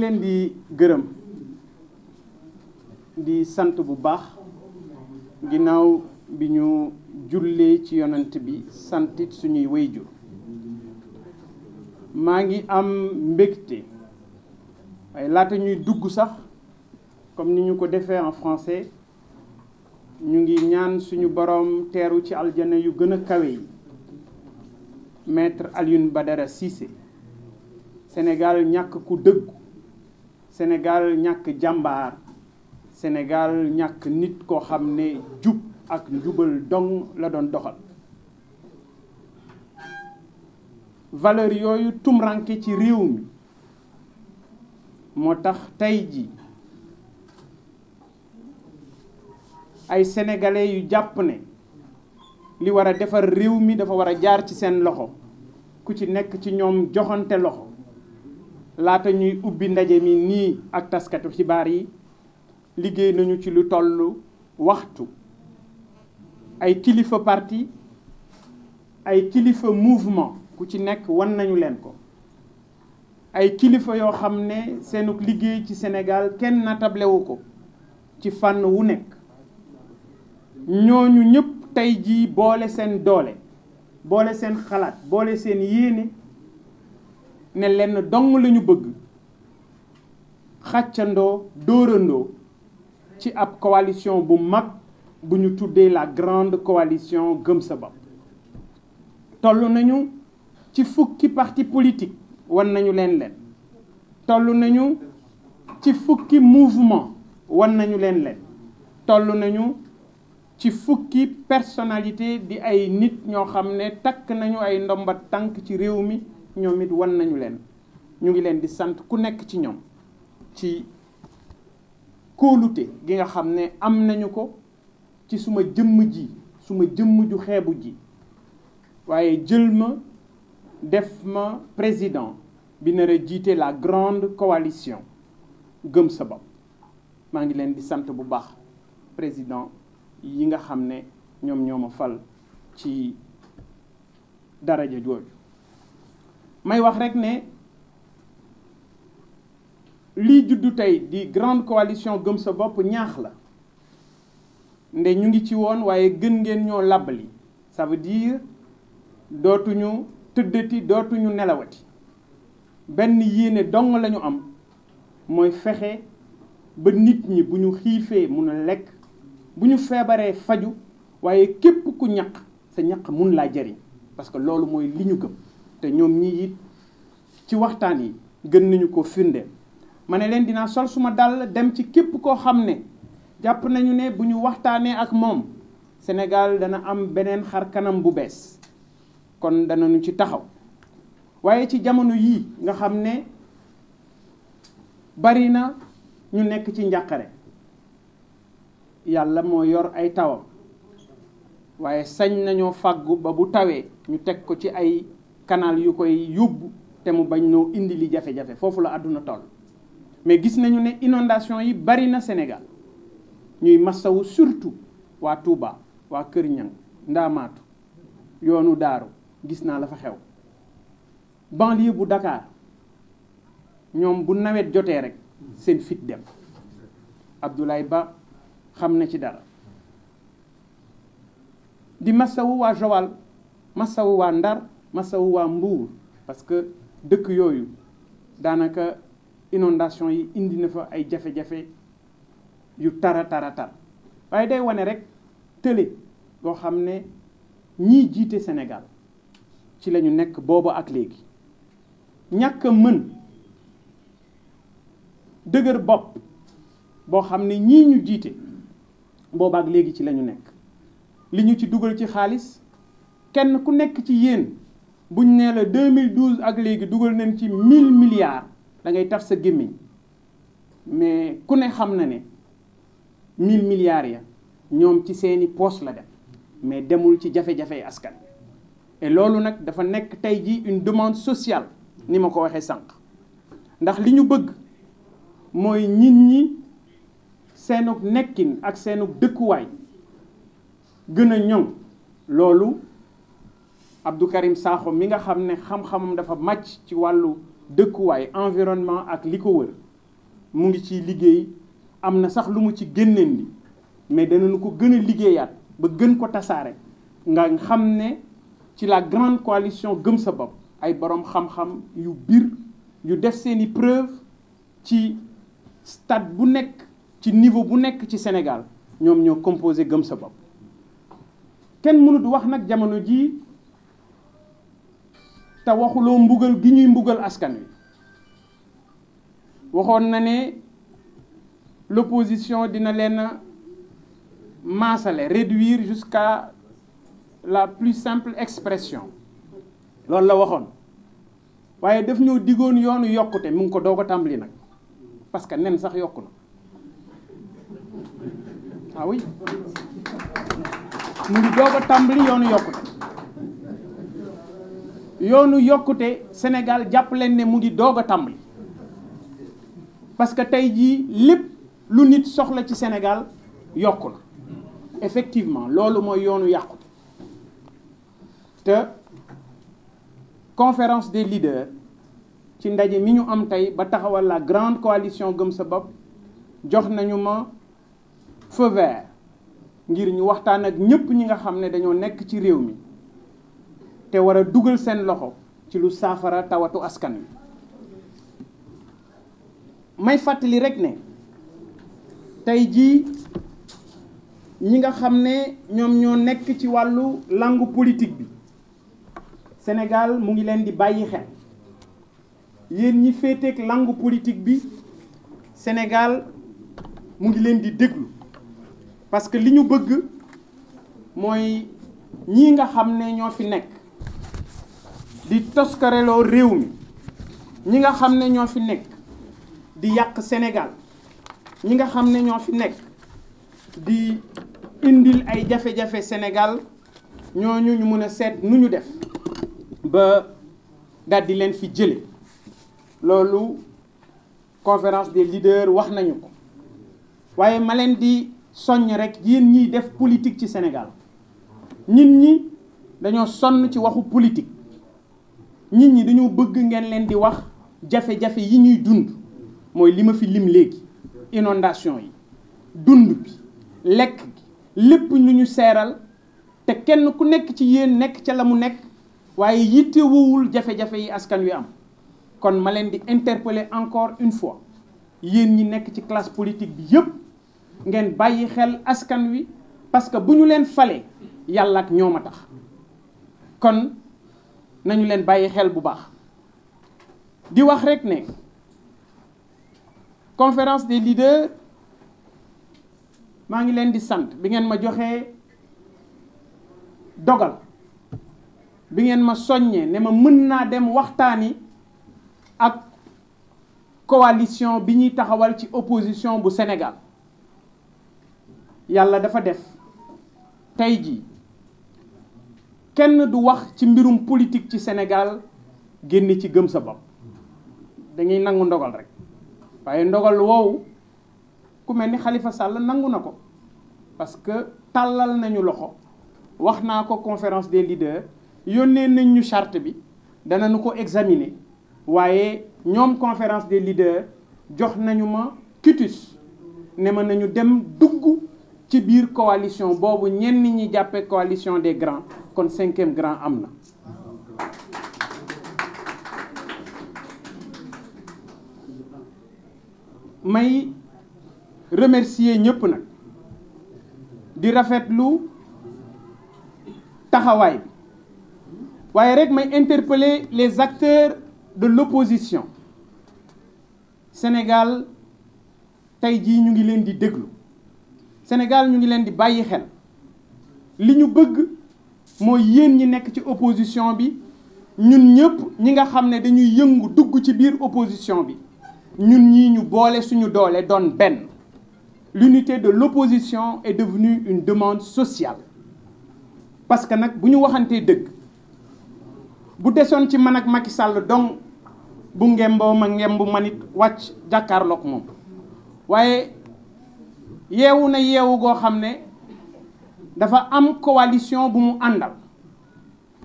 leen di gërëm di sant bu baax ginnaaw bi ñu jullee ci yonant bi santit suñuy wayjur maa ngi am mbégte waaye laata ñuy dugg sax comme ni ñu ko defee en français ñu ngi ñaan suñu boroom teeru ci aljana yu gën a kawe yi maître Alioune Badara Cissé Sénégal ñàkk ku dëggu Sénégal ñàkk jàmbaar Sénégal ñàkk nit koo xam ne jub ak njubal dong la doon doxal valeur yooyu tumranke ci réew mi moo tax tey ji ay sénégalais yu jàpp ne li war a defar réew mi dafa war a jaar ci seen loxo ku ci nekk ci ñoom joxante loxo laata ñuy ubbi ndaje mi nii ak taskatu xibaar yi liggéey nañu ci lu toll waxtu ay kilifa parti ay kilifa mouvement ku ci nekk wan nañu leen ko ay kilifa yoo xam ne seenu liggéey ci Sénégal kenn natablewu ko ci fànn wu nekk ñooñu ñépp tey jii boole seen doole boole seen xalaat boole seen yéene ne lenn dong lañu bëgg xàccandoo dóorandoo ci ab coalition bu mag bu ñu tuddee la grande coalition gëm sa bopp toll nañu ci fukki parti politique wan nañu leen leen toll nañu ci fukki mouvement war nañu leen leen tollu nañu ci fukki personnalité di ay nit ñoo xam ne takk nañu ay ndombat tànk ci réew mi ñoom it wan nañu leen ñu ngi leen di sant ku nekk ci ñoom ci kóolute gi nga xam ne am nañu ko ci suma jëmm ji suma jëmm ju xeebu ji waaye jël ma def ma président bi nar a jiite la grande coalition gëm sa bopp maa ngi leen di sant bu baax président yi nga xam ne ñoom ñoo ma fal ci daraja jooju may wax rek ne lii juddu tey di grande coalition gëm sa bopp ñaax la nde ñu ngi ci woon waaye gën ngeen ñoo làbbali ça veut dire dootuñu tëddati dootuñu nelawati benn yéene dong lañu am mooy fexe ba nit ñi bu ñu xiifee mun a lekk bu ñu feebaree faju waaye képp ku ñaq sa ñaq mun laa jariñ parce que loolu mooy li ñu gëm te ñoom ñii it ci waxtaan yi gën nañu ko firnde ma ne leen dinaa sol suma dàll dem ci képp koo xam ne jàpp nañu ne bu ñu waxtaanee ak moom senegal dana am beneen xar kanam bu bees kon danañu ci taxaw waaye ci jamono yii nga xam ne bari na ñu nekk ci njàqare yàlla moo yor ay tawam waaye sañ nañoo fàggu ba bu tawee ñu teg ko ci ay canal yu koy yóbbu te mu bañ noo indi li jafe-jafe foofu la àdduna toll mais gis nañu ne inondation yi bari na Sénégal ñuy massawu surtout waa tuuba waa Kër Ñang Ndaamaatu yoonu Daaru gis naa la fa xew banlieue bu Dakar ñoom bu nawet jotee rek seen fit dem Abdoulaye Ba xam na ci dara di massawu waa Joal massawu waa Ndar masawu waa Mbour parce que dëkk yooyu daanaka inondation yi indi na fa ay jafe-jafe yu tara tara tar waaye day wane rek tële boo xam ne ñii jiite senegal ci lañu nekk booba ak léegi ñàkk mën dëgër bopp boo xam ne ñii ñu jiite booba ak léegi ci lañu nekk li ñu ci dugal ci xaalis kenn ku nekk ci yéen buñ nee la 2012 ak léegi dugal nañ ci 1000 milliards da ngay taf sa gémmiñ mais ku ne xam na ne 1000 milliards ya ñoom ci seeni poos la dem mais demul ci jafe-jafe askan et loolu nag dafa nekk tey ji une demande sociale ni ma ko waxee sànq ndax li ñu bëgg mooy nit ñi seenu nekkin ak seenu dëkkuwaay gën a ñoŋ loolu Abdou Karim Sakho mi nga xam ne xam-xamam dafa màcc ci wàllu dëkkuwaay environnement ak li ko wër mu ngi ci liggéey am na sax lu mu ci génneen li mais danañu ko gën a liggéeyaat ba gën ko tasaare nga xam ne ci la grande coalition gëm sa bopp ay borom xam-xam yu biir yu def seeni preuve ci stade bu nekk ci niveau bu nekk ci Sénégal ñoom ñoo composé gëm sa bopp kenn mënut wax nag jamono jii te waxuloo mbugal gi ñuy mbugal askan wi waxoon na ne l'opposition dina leen maasale réduire jusqu'à la plus simple expression loolu la waxoon waaye daf ñoo diggoon yoonu yokkute mu ngi ko doog a tàmbali nag parce que nen sax yokku na ah oui mu ngi doog a tàmbali yoonu yokkute yoonu yokkute Sénégal jàpp leen ne mu ngi doog a tàmbali parce que tey jii lépp lu nit soxla ci Sénégal yokku na effectivement loolu mooy yoonu yàqute te conférence des leaders ci ndaje mi ñu am tey ba taxawal la grande coalition gëm sa bopp jox nañu ma feu ngir ñu waxtaan ak ñëpp ñi nga xam ne dañoo nekk ci réew mi te war a dugal seen loxo ci lu saafara tawatu askan wi may fàttali rek ne tey jii ñi nga xam ne ñoom ñoo nekk ci wàllu langue politik bi Sénégal mu ngi leen di bàyyi xel yéen ñi féeteek langue politik bi Sénégal mu ngi leen di déglu parce que li ñu bëgg mooy ñii nga xam ne ñoo fi nekk di toskareloo réew mi ñi nga xam ne ñoo fi nekk di yàq senegal ñi nga xam ne ñoo fi nekk di indil ay jafe-jafe Sénégal ñooñu ñu mën a seet nu ñu def ba daal di leen fi jële loolu conférence des leaders wax nañu ko waaye ma leen di soññ rek yéen ñiy def politique ci Sénégal nit ñi dañoo sonn ci waxu politique nit ñi dañoo bëgg ngeen leen di wax jafe-jafe yi ñuy dund mooy li ma fi lim léegi inondation yi dund bi lekk gi lépp lu ñu seeral te kenn ku nekk ci yéen nekk ca la mu nekk waaye yitte wowul jafe-jafe yi askan wi am kon ma leen di interpeller encore une fois yéen ñi nekk ci classe politique bi yépp ngeen bàyyi xel askan wi parce que bu ñu leen falee yàlla ak ñoom a tax kon nañu leen bàyyi xel bu baax di wax rek ne conférence des leaders maa ngi leen di sant bi ngeen ma joxee dogal bi ngeen ma soññee ne ma mën naa dem waxtaani ak coalition bi ñuy taxawal ci opposition bu senegal yàlla dafa def tey jii kenn du wax ci mbirum politique ci Sénégal génn ci gëm sa bopp dañuy nangu ndogal rek waaye ndogal woowu ku mel ni xalifa Sall nangu na ko parce que tàllal nañu loxo wax naa ko conférence des leaders yónnee nañ ñu charte bi danañu ko examiner waaye ñoom conférence des leaders jox nañu ma kitis ne ma nañu dem dugg ci biir coalition boobu ñenn ñi jàppee coalition des grands kon cinquième grand am na may remercier ñëpp nag di rafetlu taxawaay bi waaye rek may interpeller les acteurs de l'opposition Sénégal tey jii ñu ngi leen di déglu Sénégal ñu ngi leen di bàyyi xel li ñu bëgg mooy yéen ñi nekk ci opposition bi ñun ñëpp ñi nga xam ne dañuy yëngu dugg ci biir opposition bi ñun ñi ñu boole suñu doole doon benn lu l'unité de l'opposition est devenue une demande sociale parce que nag bu ñu waxantee dëgg bu desoon ci man ak Macky Sall donc bu ngemboo ma ngemb manit wàcc jàkkaarloog moom waaye yeewu na yeewu goo xam ne dafa am coalition bu mu àndal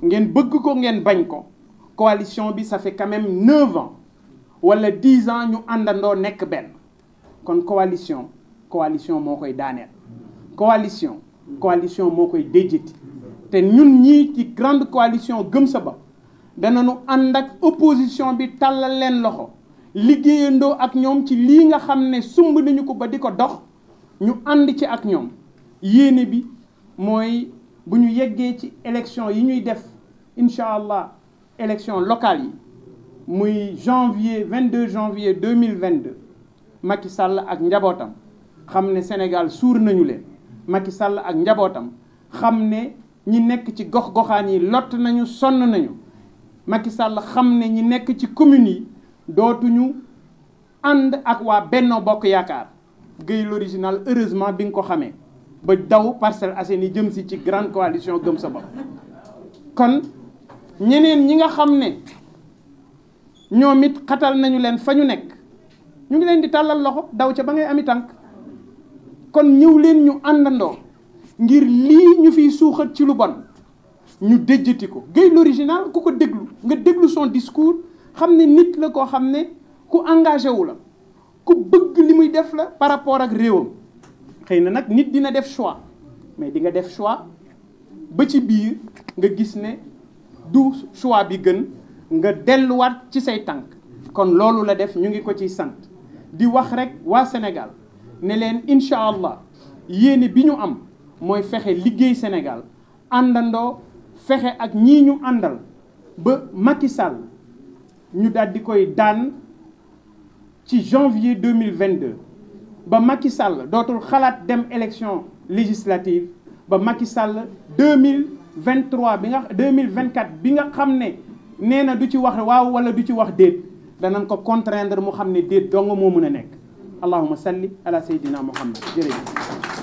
ngeen bëgg ko ngeen bañ ko coalition bi ça fait quand même neuf ans wala dix ans ñu àndandoo nekk benn kon coalition coalition moo koy daaneel coalition coalition moo koy déjjiti te ñun ñii ci grande coalition gëm sa bopp danañu ànd ak opposition bi tàllal leen loxo liggéeyandoo ak ñoom ci lii nga xam ne sumb nañu ko ba di ko dox ñu ànd ci ak ñoom yéene bi mooy bu ñu yeggee ci élection yi ñuy def incha allah élection locale yi muy janvier 22 janvier 2022 Macky Sall ak njabootam xam ne Sénégal suur nañu leen Macky Sall ak njabootam xam ne ñi nekk ci gox-goxaan yi lott nañu sonn nañu Macky Sall xam ne ñi nekk ci communes yi dootuñu ànd ak waa Benno Bokk Yaakaar Gueye l'original heureusement bi nga ko xamee ba daw Parcelles Assainies jëm si ci grande coalition gëm sa bopp kon ñeneen ñi nga xam ne ñoom it xatal nañu leen fa ñu nekk ñu ngi leen di tàllal loxo daw ca ba ngay ami tànk kon ñëw leen ñu àndandoo ngir lii ñu fi suuxat ci lu bon ñu déjjati ko Gueye l'original ku ko déglu nga déglu son discours xam ne nit la koo xam ne ku engagé wu la ku bëgg li muy def la par rapport ak réewam xëy na nag nit dina def choix mais di nga def choix ba ci biir nga gis ne du choix bi gën nga delluwaat ci say tànk kon loolu la def ñu ngi ko ci sant di wax rek waa Sénégal ne leen incha allah yéene bi ñu am mooy fexe liggéey Sénégal àndandoo fexe ak ñii ñu àndal ba Macky ñu daal di koy daan ci janvier 2022 ba Macky Sall dootul xalaat dem élection législative ba Macky Sall 2023 bi nga 2024 bi nga xam ne nee na du ci wax waaw wala du ci wax déet danañ ko contraindre mu xam ne déet dong moo mën a nekk allahuma salli ala sayyidina muhammad jërëjëf